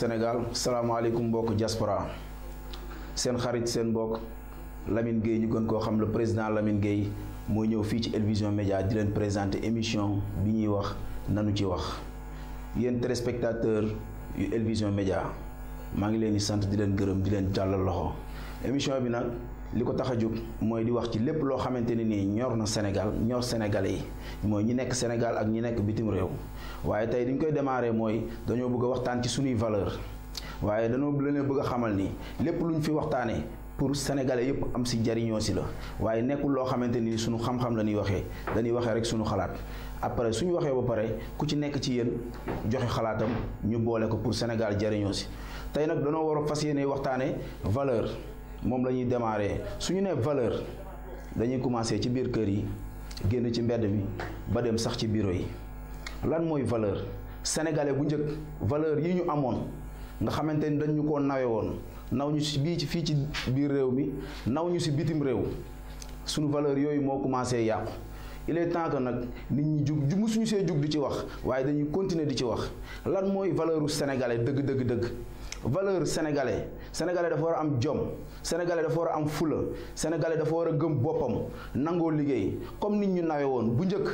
Sénégal salaamaaleykum mbokk diaspora seen xarit seen mbokk lamin Gueye ñu gën koo xam le président Lamine Gueye mooy ñëw fii ci Elvision Média di leen présenter émission bi ñuy wax nanu ci wax yéen téléspectateurs yu Elvision Média maa ngi leen di sant di leen gërëm di leen jàllal loxo émission bi nag. li ko tax a jóg mooy di wax ci lépp loo xamante ne nii ñor na Sénégal ñor Sénégalais yi mooy ñi nekk Sénégal ak ñi nekk bitim réew waaye tey li ñu koy demaaree mooy dañoo bëgg a waxtaan ci suñuy valeur waaye dañoo leen bëgg xamal ni lépp lu ñu fi waxtaanee pour sénégalais yëpp am si jariñoo si la waaye nekkul loo xamante ni suñu xam-xam la ñuy waxee dañuy waxee rek suñu xalaat après ñu waxee ba pare ku ci nekk ci yéen joxe xalaatam ñu boole ko pour Sénégal jariñoo si tey nag dañoo war yéene waxtaanee valeur. moom la ñuy démarrer su ñu nee valeur dañuy commencer ci biir kër yi génn ci mbedd mi ba dem sax ci bureau yi lan mooy valeur sénégalais bu njëkk valeur yi ñu amoon nga xamante ni dañ ñu koo nawe woon naw ñu si bii ci fii ci biir réew mi naw ñu si bitim réew suñu valeur yooyu moo commencé yàqu il est nag nit ñi jug musuñu see jug di ci wax waaye dañuy continuer di ci wax lan mooy valeuru sénégalais dëgg dëgg dëgg valeur sénégalais sénégalais dafa war a am jom sénégalais dafa war a am fula sénégalais dafa war a gëm boppam nangoo liggéey comme nit ñu nawe woon bu njëkk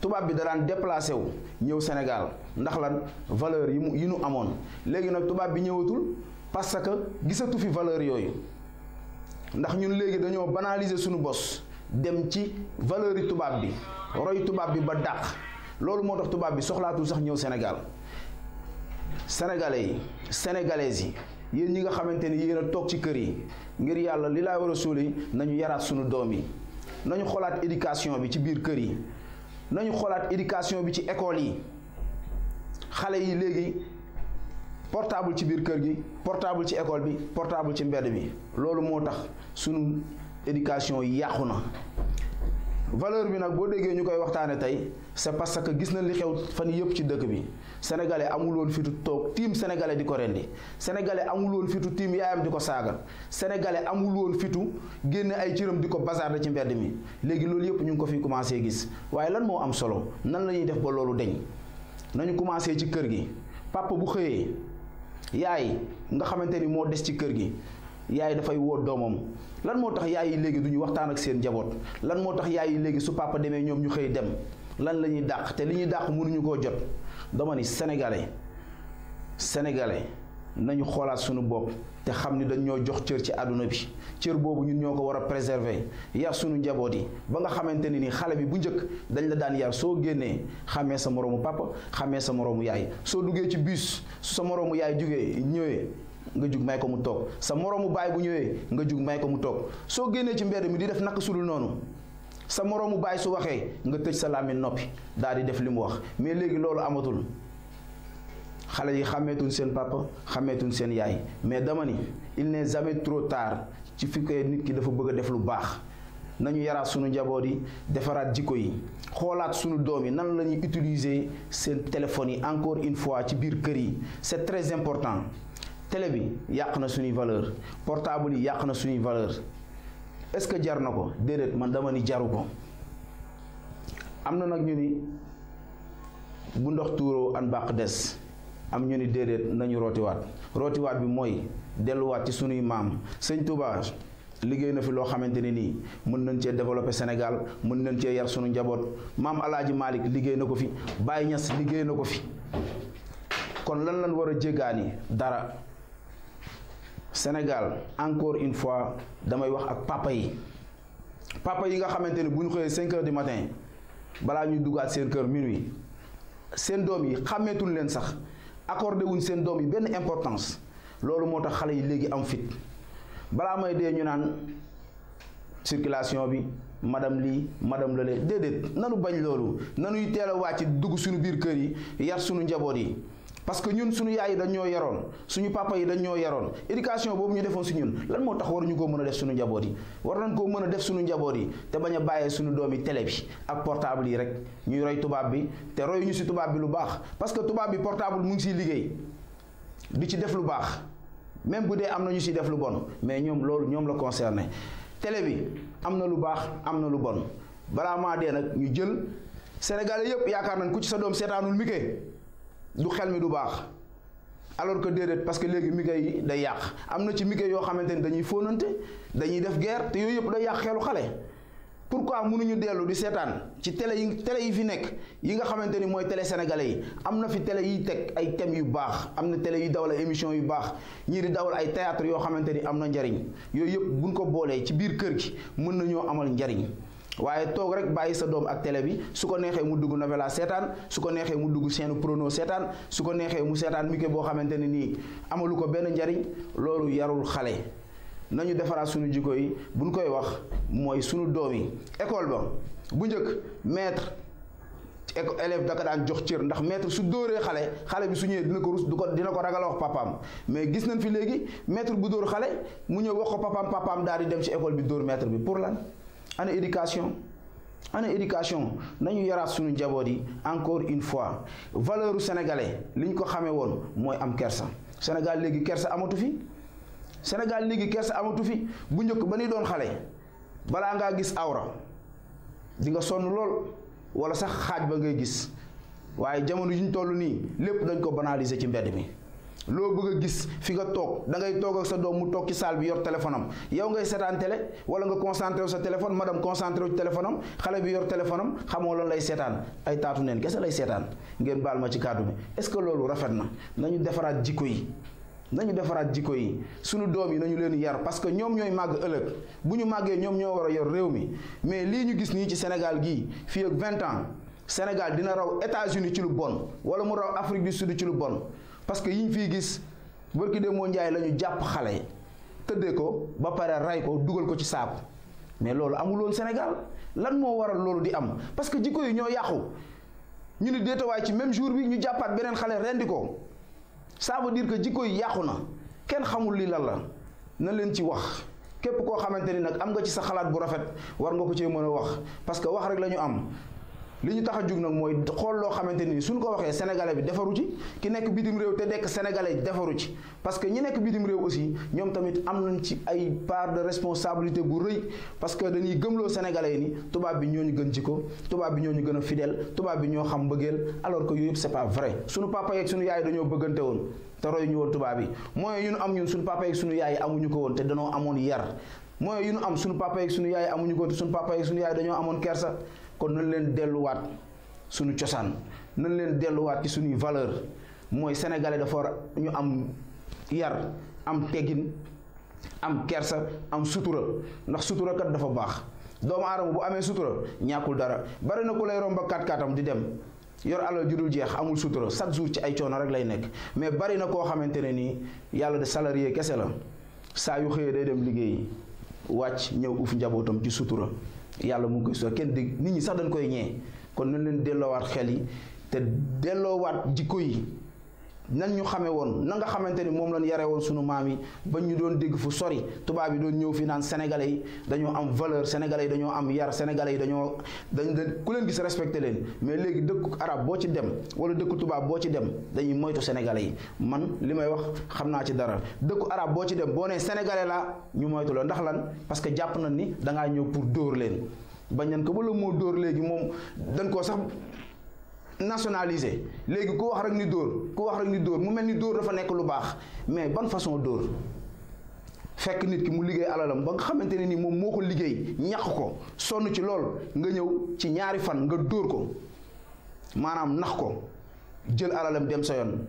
tubaab bi da daan déplacé wu ñëw Sénégal ndax lan valeur yi mu yi nu amoon léegi nag tubaab bi ñëwatul parce que gisatu fi valeur yooyu ndax ñun léegi dañoo banaliser suñu bos dem ci valeur yi tubaab bi roy tubaab bi ba dàq loolu moo tax tubaab bi soxlaatul sax ñëw senegal sénégalais yi. sénégalaises yi yéen ñi nga xamante ni yéen a toog ci kër yi ngir yàlla li laay war a suuli nañu yaraat suñu doom yi nañu xoolaat éducation bi ci biir kër yi nañu xoolaat éducation bi ci école yi xale yi léegi portable ci biir kër gi portable ci école bi portable ci mbedd bi loolu moo tax sunu éducation yàqu na valeur bi nag boo déggee ñu koy waxtaanee tey c'est parce que gis na li xew fan yëpp ci dëkk bi sénégalais amuloon fitu toog tiim sénégalais di ko rendi sénégalais amuloon fitu tiim yaayam di ko saaga sénégalais amuloon fitu génn ay cëram di ko bazarde ci mbedd mi léegi loolu yëpp ñu ngi ko fi commencé gis waaye lan moo am solo nan la ñuy def ba loolu deñ nañu commencé ci kër gi papa bu xëyee yaay nga xamante ni moo des ci kër gi yaay dafay woo doomam lan moo tax yaay yi léegi du ñu waxtaan ak seen njaboot lan moo tax yaay yi léegi su papa demee ñoom ñu xëy dem lan la ñuy dàq te li ñuy dàq mënuñu koo jot dama ni sénégalais sénégalais nañu xoolaat suñu bopp te xam ni dañ ñoo jox cër ci àdduna bi cër boobu ñu ñoo ko war a préserver yar suñu njaboot yi ba nga xamante ne ni xale bi bu njëkk dañ la daan yar soo génnee xàmmee sa moroomu papa xamee sa moroomu yaay soo duggee ci bus su moroomu yaay jógee ñëwee nga jug may ko mu toog sa moroomu baay bu ñëwee nga jug may ko mu toog soo génnee ci mbedd mi di def naka sudul noonu sa moroomu baay su waxee nga tëj sa làmmiñ noppi daal di def li mu wax mais léegi loolu amatul xale yi xàmmeetuñ seen papa xàmmeetuñ seen yaay mais dama ni il n'est jamais trop tard ci fi koy nit ki dafa bëgg a def lu baax nañu yaraat sunu njaboot yi defaraat jikko yi xoolaat sunu doom yi nan la ñuy utiliser seen téléphone yi encore une fois ci biir kër yi c'est très important télé bi yàq na suñuy valeur portable yi yàq na suñuy valeur est-ce que jar na ko déedéet man dama ni jaru ko am na nag ñu ni bu ndox tuuroo an bàq des am ñu ni déedéet nañu rootiwaat rootiwaat bi mooy delluwaat ci suñuy maam sëñ Touba liggéey na fi loo xamante ne nii mën nañ cee développer Sénégal mën nañ cee yar sunu njaboot maam Alaaji Malick liggéey na ko fi Baye Niass liggéey na ko fi kon lan lan war a jéggaani dara Sénégal encore une fois damay wax ak papa yi papa yi nga xamante ni bu ñu xëyee cinq heures du matin balaa ñu duggaat seen kër minuit seen doom yi xàmmeetul leen sax accordé wuñ seen doom yi benn importance loolu moo tax xale yi léegi am fit balaa may dee ñu naan circulation bi madame lii madame lële déedéet nanu bañ loolu nanuy teel a wàcc dugg suñu biir kër yi yar suñu njaboot yi parce que ñun suñu yaay yi dañ ñoo yaroon suñu papa yi dañ ñoo yaroon éducation boobu ñu defoon si ñun lan moo tax ñu ko mën a def suñu njaboot yi war nañ koo mën a def suñu njaboot yi te bañ a bàyyee suñu doomi télé bi ak portable yi rek ñuy roy tubaab bi te royuñu si tubaab bi lu baax parce que tubaab bi portable mu ngi si liggéey di ci def lu baax même bu dee am na ñu si def lu bon mais ñoom loolu ñoom la concerné télé bi am na lu baax am na lu bon balaa maa nag ñu jël Sénégalais yëpp yaakaar nañ ku ci sa doom seetaanul Mickey du xel mi du baax alors que déedéet parce que léegi micro yi day yàq am na ci micro yoo xamante ni dañuy fóonante dañuy def guerre te yooyu yëpp day yàq xelu xale pourquoi mënuñu dellu di seetaan ci télé yi télé yi fi nekk yi nga xamante ni mooy télé sénégalais yi am na fi télé yiy teg ay thèmes yu am na télé yu dawal émission yu baax ñii di dawal ay théâtre yoo xamante ni am na njariñ yooyu yëpp buñ ko boolee ci biir kër gi mën nañoo amal njariñ waaye toog rek bàyyi sa doom ak télé bi su ko neexee mu dugg novela seetaan su ko neexee mu dugg seenu prono seetaan su ko neexee mu seetaan micro boo xamante ne nii amalu ko benn njariñ loolu yarul xale nañu defaraat suñu jikko yi buñ koy wax mooy sunu doom yi école ba bu njëkk maître élève da ko daan jox cër ndax maître su dóoree xale xale bi su ñëwee ko du ko dina ko ragal wax mais gis nañ fi léegi maître bu dóor xale mu ñëw wax ko papaam papaam daal di dem ci école bi dóor bi pour lan ana éducation ana éducation nañu yaraat suñu njaboot yi encore une fois valeur u sénégalais li ñu ko xamee woon mooy am kersa Sénégal léegi kersa amatu fi Sénégal léegi kersa amatu fi bu njëkk ba ni doon xale balaa ngaa gis awra di nga sonn lool wala sax xaaj ba ngay gis waaye jamono yi ñu toll nii lépp dañ ko banaliser ci mbedd mi. loo bëgg a gis fi nga toog da ngay toog sa doom mu toog ci salle bi yor téléphone yow ngay seetaan télé wala nga concentré wu sa téléphone madame concentré wu ci téléphone xale bi yor téléphone am xamoo lan lay seetaan ay taatu neen gese lay seetaan ngeen baal ma ci kàddu bi est-ce que loolu rafet na nañu defaraat jikko yi nañu defaraat jikko yi suñu doom yi nañu leen yar parce que ñoom ñooy màgg ëllëg bu ñu màggee ñoom ñoo war a yor réew mi mais lii ñu gis nii ci Sénégal gii fii ak 20 ans Sénégal dina raw États-Unis ci lu wala mu raw Afrique du Sud ci bon parce que yiñ fii gis bërki de moo njaay la ñu jàpp xale yi tëddee ko ba pare ray ko dugal ko ci saaku mais loolu amul amuloon Sénégal lan moo waral loolu di am parce que jikko yi ñoo yàqu ñu ni déetawaay ci même jour bi ñu jàppaat beneen xale rendi ko ça veut dire que jikko yi yàqu na kenn xamul li lan la na leen ci wax képp koo xamante ni nag am nga ci sa xalaat bu rafet war nga ko cee mën a wax parce que wax rek lañu am li ñu tax a jug nag mooy xool loo xamante ni suñ ko waxee sénégalais bi defaru ci ki nekk bidim réew te nekk sénégalais defaru ci parce que ñi nekk bidim réew aussi ñoom tamit am nañ ci ay part de responsabilité bu rëy parce que dañuy gëmloo sénégalais ni tubaab bi ñoo ñu gën ci ko tubaab bi ñoo ñu gën a fidèle tubaab bi ñoo xam mbëggeel alors que yooyu yëpp c'est pas vrai suñu papa yeeg suñu yaay dañoo bëggante woon te roy ñu woon tubaab bi mooy ñun am ñun suñu papa yeeg suñu yaay amuñu ko woon te danoo amoon yar mooy yu ñu am suñu papa yeeg suñu yaay amuñu ko te suñu papa yeeg suñu yaay dañoo amoon kersa kon nañ leen delluwaat suñu cosaan nañ leen delluwaat ci suñuy valeur mooy sénégalais dafa war ñu am yar am teggin am kersa am sutura ndax sutura kat dafa baax doomu aadama bu amee sutura ñàkkul dara bari na ku lay romba kaat-kaatam di dem yor alal ju dul jeex amul sutura chaque jour ci ay coono rek lay nekk mais bari na koo xamante ne nii yàlla de salarié kese la saa yu xëyee day dem liggéey wàcc ñëw uuf njabootam ci sutura yàlla mu ngi koy soo kenn dégg nit ñi sax dañ koy ñee kon nañ leen delloo delloowaat xel yi te delloowaat jikko yi nan ñu xamee woon na nga xamante ni moom lañ yare woon sunu maam yi ba ñu doon dégg fu sori tubaab yi doon ñëw fi naan sénégalais yi dañoo am valeur sénégalais yi dañoo am yar sénégalais yi dañoo dañ ku leen gis respecté leen mais léegi dëkku arab boo ci dem wala dëkku boo ci dem dañuy moytu sénégalais yi man li may wax xam naa ci dara dëkku arab boo ci dem boo nee sénégalais la ñu moytu la ndax lan parce que jàpp na ni dangaa ñëw pour dóor leen bañ nañ ko ba la moo dóor léegi moom dañ koo sax nationalisé léegi ku wax rek ni dóor ku wax rek ni dóor mu mel ni dóor dafa nekk lu baax mais ban façon dóor fekk nit ki mu liggéey alalam ba nga xamante ne ni moom moo ko liggéey ñàq ko sonn ci lool nga ñëw ci ñaari fan nga dóor ko maanaam nax ko jël alalam dem sa yoon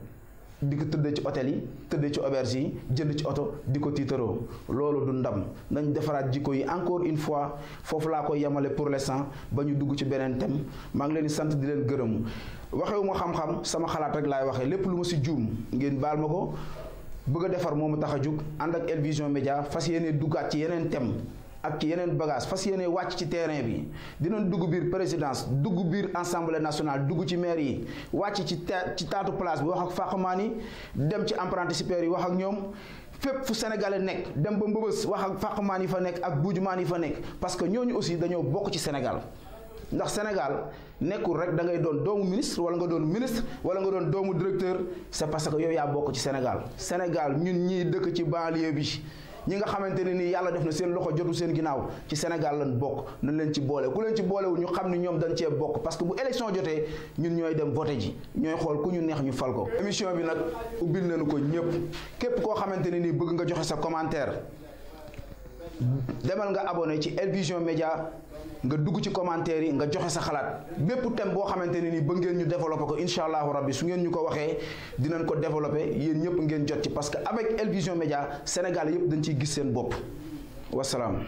di ko tëddee ci hôtel yi tëddee ci auberge yi jënd ci oto di ko tiitaroo loolu du ndam nañ defaraat jikko yi encore une fois foofu laa ko yemale pour l'instant ba ñu dugg ci beneen thème maa ngi leen di sant di leen gërëmu waxewu ma xam-xam sama xalaat rek laay waxee lépp lu ma si juum ngeen baal ma ko bëgg a defar moomu tax a jug ànd ak El Vision Média fas yéene duggaat ci yeneen thème ak yeneen bagage fas yéene wàcc ci terrain bi dinañ dugg biir présidence dugg biir assemblée nationale dugg ci maire yi wàcc ci ci taatu place bi wax ak fàqamaan yi dem ci apprentis supérieurs yi wax ak ñoom fépp fu sénégalais nekk dem ba mbëbës wax ak fàqamaan yi fa nekk ak buujumaan yi fa nekk parce que ñooñu aussi dañoo bokk ci Sénégal ndax Sénégal nekkul rek da ngay doon doomu ministre wala nga doon ministre wala nga doon doomu directeur c'est parce que yow yaa bokk ci Sénégal Sénégal ñun ñii dëkk ci banlieue bi ñi nga xamante ne nii yàlla def na seen loxo jotu seen ginnaaw ci Sénégal lan bokk nañ leen ci boole ku leen ci boolewu ñu xam ni ñoom dañ cee bokk parce que bu élection jotee ñun ñooy dem voté ji ñooy xool ku ñu neex ñu fal ko émission bi nag na nañu ko ñëpp képp koo xamante ne nii bëgg nga joxe sa commentaire demal nga abonné ci Elvision Média nga dugg ci commentaire yi nga joxe sa xalaat bépp thème boo xamante ne ni ba ngeen ñu développé ko incha allahu rabbi su ngeen ñu ko waxee dinañ ko développé yéen ñëpp ngeen jot ci parce que avec Elvision Média Sénégal yëpp dañ ciy gis seen bopp wasalaam.